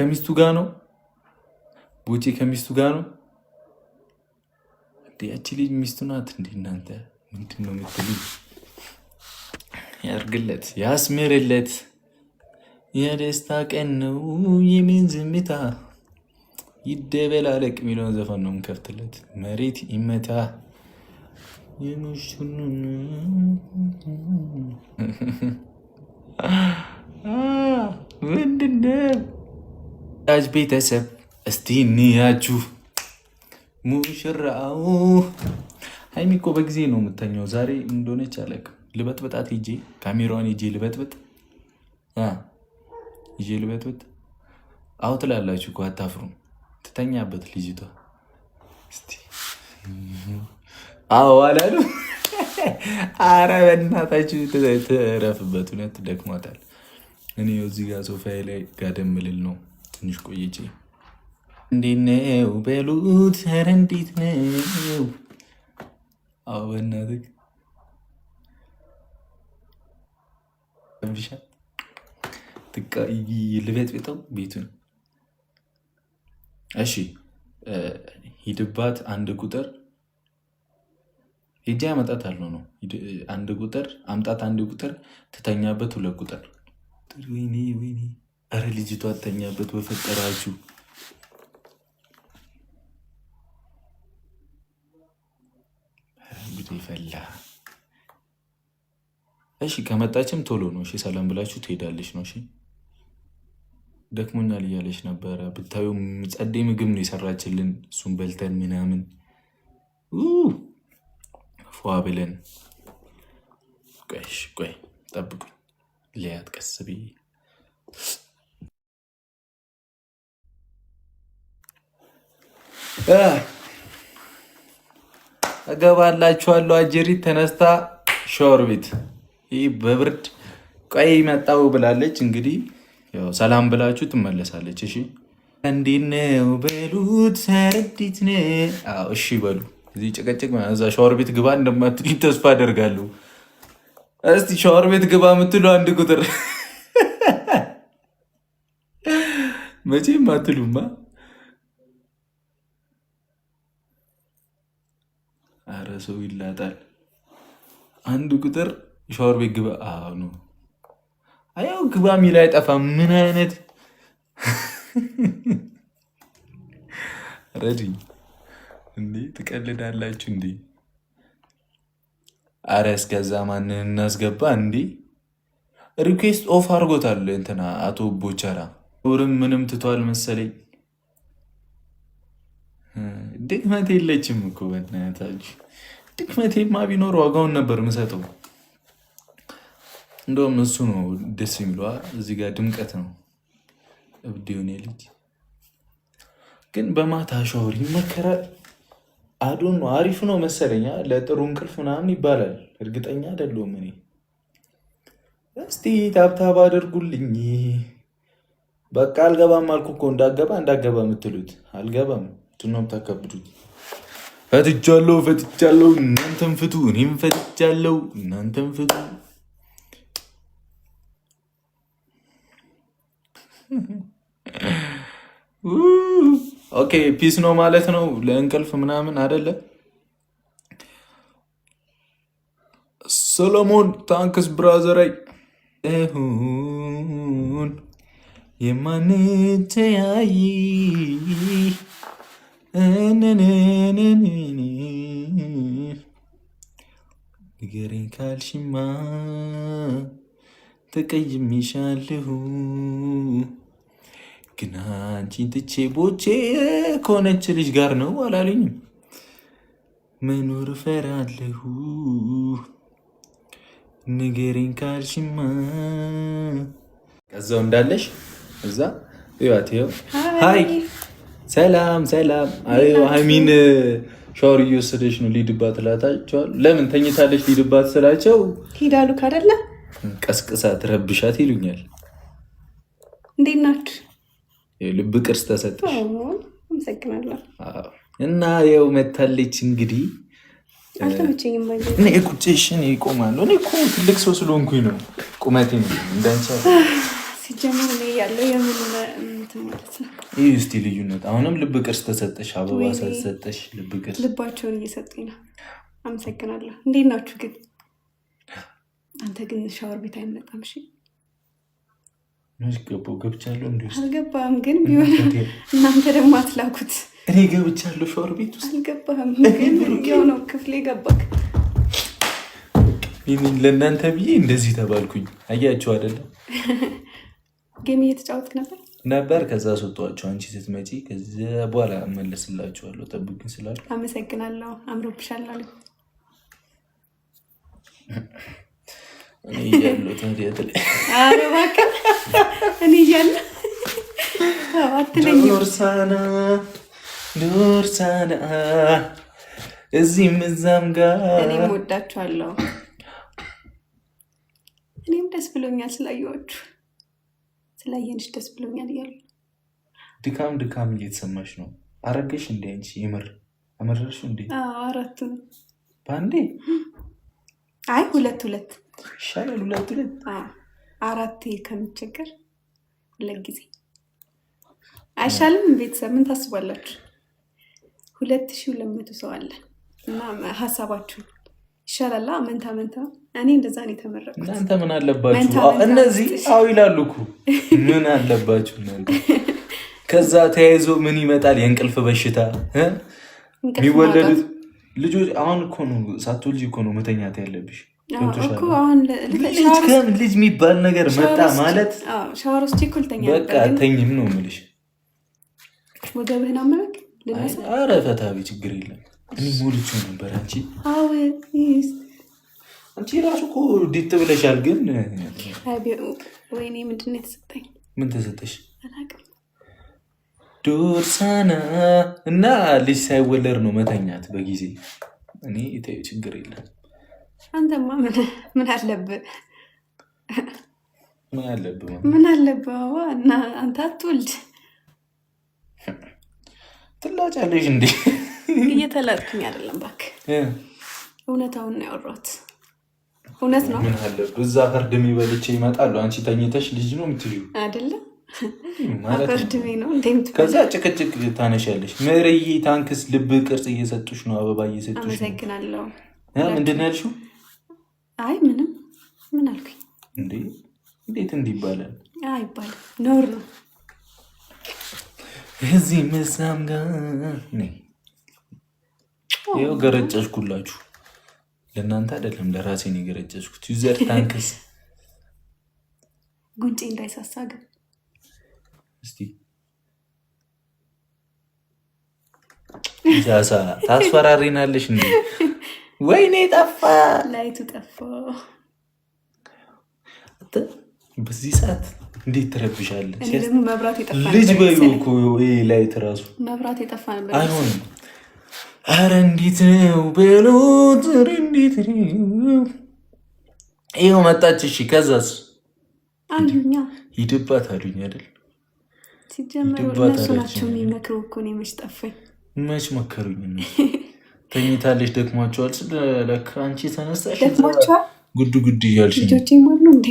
ከሚስቱ ጋር ነው። ቦቼ ከሚስቱ ጋር ነው። ያቺ ልጅ ሚስቱ ናት እንዴ? እናንተ ምንድን ነው የምትሉኝ? ያርግለት፣ ያስምርለት። የደስታ ቀን ነው የምን ዝምታ ይደበላለቅ የሚለውን ዘፈን ነው የምከፍትለት። መሬት ይመታ ምንድን ነው ወዳጅ ቤተሰብ እስቲ እንያችሁ ሙሽራው ሀይሚ እኮ በጊዜ ነው የምተኛው። ዛሬ እንደሆነች አላውቅም። ልበጥበጣት ሂጄ ካሜራዋን ሂጄ ልበጥበጥ ይዤ ልበጥበጥ አሁ ትላላችሁ እኮ አታፍሩም። ትተኛበት ልጅቷ አዎ አላሉ። አረ በእናታችሁ ትረፍበት። እውነት ደክሟታል። እኔ እዚህ ጋር ሶፋዬ ላይ ጋደምልል ነው ትንሽ ቆይቼ እንዴት ነው በሉት። ኧረ እንዴት ነው? አዎ በእናትህ ትቃ ልቤት ቤጠው ቤቱን እሺ፣ ሂድባት አንድ ቁጥር ሄጃ ያመጣት አለው ነው አንድ ቁጥር አምጣት፣ አንድ ቁጥር ትተኛበት፣ ሁለት ቁጥር ወይኔ ወይኔ እረ ልጅቷ አተኛበት በፈጠራችሁ። ይፈላ። እሺ ከመጣችም ቶሎ ነው። እሺ ሰላም ብላችሁ ትሄዳለች ነው። እሺ ደክሞኛል እያለች ነበረ። ብታዩ ጸዴ ምግብ ነው የሰራችልን። እሱን በልተን ምናምን ፏ ብለን ቆይ ጠብቁ ጠብቁኝ፣ ለያት ቀስ ብዬ እገባላችኋለሁ። አጀሪት ተነስታ ሻወር ቤት ይህ በብርድ ቀይ መጣው ብላለች። እንግዲህ ያው ሰላም ብላችሁ ትመለሳለች። እሺ እንዴት ነው በሉት፣ ሰርዲት ነው። እሺ በሉ። እዚህ ጭቅጭቅ እዛ ሻወር ቤት ግባ እንደማትሉኝ ተስፋ አደርጋለሁ። እስቲ ሻወር ቤት ግባ የምትሉ አንድ ቁጥር መቼም አትሉማ። አረ ሰው ይላጣል። አንድ ቁጥር ሻወር ቤት ግባ አሁኑ አያው ግባ ሚል አይጠፋም። ምን አይነት ረዲ እንዴ! ትቀልዳላችሁ እንዴ? አረ እስከዛ ማንን እናስገባ እንዴ? ሪኩዌስት ኦፍ አድርጎታል እንትና አቶ ቦቻራ ውርም ምንም ትቷል መሰለኝ። ድክመት የለችም እኮ በእናታችሁ። ድክመቴማ ቢኖር ዋጋውን ነበር ምሰጠው። እንደውም እሱ ነው ደስ የሚለዋ። እዚህ ጋር ድምቀት ነው። እብድ የሆነ ልጅ ግን በማታ ሻወር ይመከራል። አዶን ነው አሪፍ ነው መሰለኛ ለጥሩ እንቅልፍ ምናምን ይባላል። እርግጠኛ አይደለሁም እኔ። እስቲ ታብታብ አድርጉልኝ። በቃ አልገባም አልኩ እኮ እንዳገባ እንዳገባ የምትሉት አልገባም ምንድነው የምታከብዱት? ፈትቻለሁ፣ ፈትቻለሁ፣ እናንተም ፍቱ፣ እኔም ፈትቻለሁ፣ እናንተም ፍቱ። ኦኬ ፒስ ነው ማለት ነው። ለእንቅልፍ ምናምን አይደለ። ሰሎሞን ታንክስ ብራዘራይ ሁን የማንተያይ ንገረኝ ካልሽማ ተቀይሜሻለሁ ግን አንቺን ትቼ ቦቼ ከሆነች ልጅ ጋር ነው አላልኝም። መኖር እፈራለሁ። ንገረኝ ካልሽማ እንዳለሽ እዛ ይዋት ሀይ ሰላም ሰላም፣ አሚን ሻወር እየወሰደች ነው ሊድባት እላታቸዋለሁ። ለምን ተኝታለች ሊድባት ስላቸው ሂዳሉ ካደለ ቀስቅሳት ረብሻት ይሉኛል። እንዴት ናችሁ? ልብ ቅርስ ተሰጠሽ። አመሰግናለሁ። እና ያው መታለች እንግዲህ ቁጭሽን ይቆማሉ። እኔ እኮ ትልቅ ሰው ስለሆንኩኝ ነው ቁመቴ እንዳንቻ ሲጀምር ያለው የምን እንትን ማለት ነው ይህ እስቲ ልዩነት አሁንም ልብ ቅርስ ተሰጠሽ፣ አበባ ሰጠሽ፣ ልብ ቅርስ ልባቸውን እየሰጡኝ ነው። አመሰግናለሁ። እንዴት ናችሁ ግን? አንተ ግን ሻወር ቤት አይመጣም? እሺ ገባ ገብቻለሁ። እንዲ አልገባህም ግን ቢሆን እናንተ ደግሞ አትላኩት። እኔ ገብቻለሁ ሻወር ቤት ውስጥ አልገባም ግን የሆነው ክፍሌ ገባክ። ለእናንተ ብዬ እንደዚህ ተባልኩኝ። አያችሁ አይደለም? ጌም እየተጫወትክ ነበር ነበር ከዛ ስወጧቸው አንቺ ስትመጪ ከዚ በኋላ መለስላችኋለሁ። ጠብቅኝ ስላሉ አመሰግናለሁ። አምሮብሻል አሉ ዱርሳና ዱርሳና እዚህም እዛም ጋር እኔም ወዳችኋለሁ። እኔም ደስ ብሎኛል ስላየኋችሁ። ስላየንሽ ደስ ብሎኛል እያሉ ድካም ድካም እየተሰማሽ ነው። አረገሽ እንዴ አንቺ? የምር አመረርሽ እንዴ? አራቱ በአንዴ? አይ ሁለት ሁለት ይሻላል። ሁለት ሁለት አራት ከምቸገር ሁለት ጊዜ አይሻልም? ቤተሰብ ምን ታስባላችሁ? ሁለት ሺ ሁለት መቶ ሰው አለ እና ሀሳባችሁ ይሻላላ መንታ መንታ። እኔ እንደዛ ነው የተመረኩት። እናንተ ምን አለባችሁ? እነዚህ አዎ ይላሉ እኮ ምን አለባችሁ እናንተ። ከዛ ተያይዞ ምን ይመጣል? የእንቅልፍ በሽታ የሚወለዱት ልጆች። አሁን እኮ ነው ሳትወልጂ እኮ ነው መተኛት ያለብሽ። ልጅ የሚባል ነገር መጣ ማለት ሻወር ውስጥ ይኩልተኛ በቃ ተኝም ነው የምልሽ። ወገብህን አመለክ ልነሳ። ኧረ ፈታ ችግር የለም እኔ ሞልቼው ነበር። አንቺ አንቺ ራሱ እኮ ዲት ብለሻል። ግን ወይኔ ምንድን ነው የተሰጠኝ? ምን ተሰጠሽ? ዶርሳና እና ልጅ ሳይወለድ ነው መተኛት በጊዜ እኔ ችግር የለም። አንተማ ምን አለብህ? ምን አለብህ? ምን አለብህ? አንተ አትወልድ ትላጫለሽ እንዴ? እየተላጥኩኝ አይደለም፣ እባክህ እውነታውን ነው ያወራሁት። እውነት ነው። ምን አለ እዛ ፈርድሜ በልቼ ይመጣሉ። አንቺ ተኝተሽ ልጅ ነው የምትይው አይደለም? ከዛ ጭቅጭቅ ታነሻለሽ። ምርዬ ታንክስ። ልብ ቅርጽ እየሰጡሽ ነው፣ አበባ እየሰጡሽ አመሰግናለሁ። ምንድን ነው ያልሽው? አይ ምንም። ምን አልኩኝ? እንዴ እንዴት እንዲህ ይባላል? ይባላል ነውር ነው እዚህ መሳም ጋር ይኸው ገረጨሽኩላችሁ። ለእናንተ አይደለም ለራሴ ነው የገረጨሽኩት። ዩዘር ታንክስ። ጉንጭ እንዳይሳሳ ግን እስቲ ሳሳ ታስፈራሪናለሽ እ ወይኔ ጠፋ፣ ላይቱ ጠፋ። በዚህ ሰዓት እንዴት ትረብሻለህ? መብራት የጠፋ ልጅ በዩ ላይት ራሱ መብራት የጠፋ አይሆንም አረ እንዴት ነው እንዴት ነው ይኸው መጣች። እሺ ከዛስ አሉኛ ሂድባት አሉኝ አይደል? እነሱ ናቸው የሚመክሩ እኮ መች ጠፋኝ፣ መች መከሩኝ። ተኝታለች፣ ደክሟቸዋል። ስለለካ አንቺ ተነሳሽ፣ ጉዱ ጉዱ እያልሽ ልጆቼ እንዴ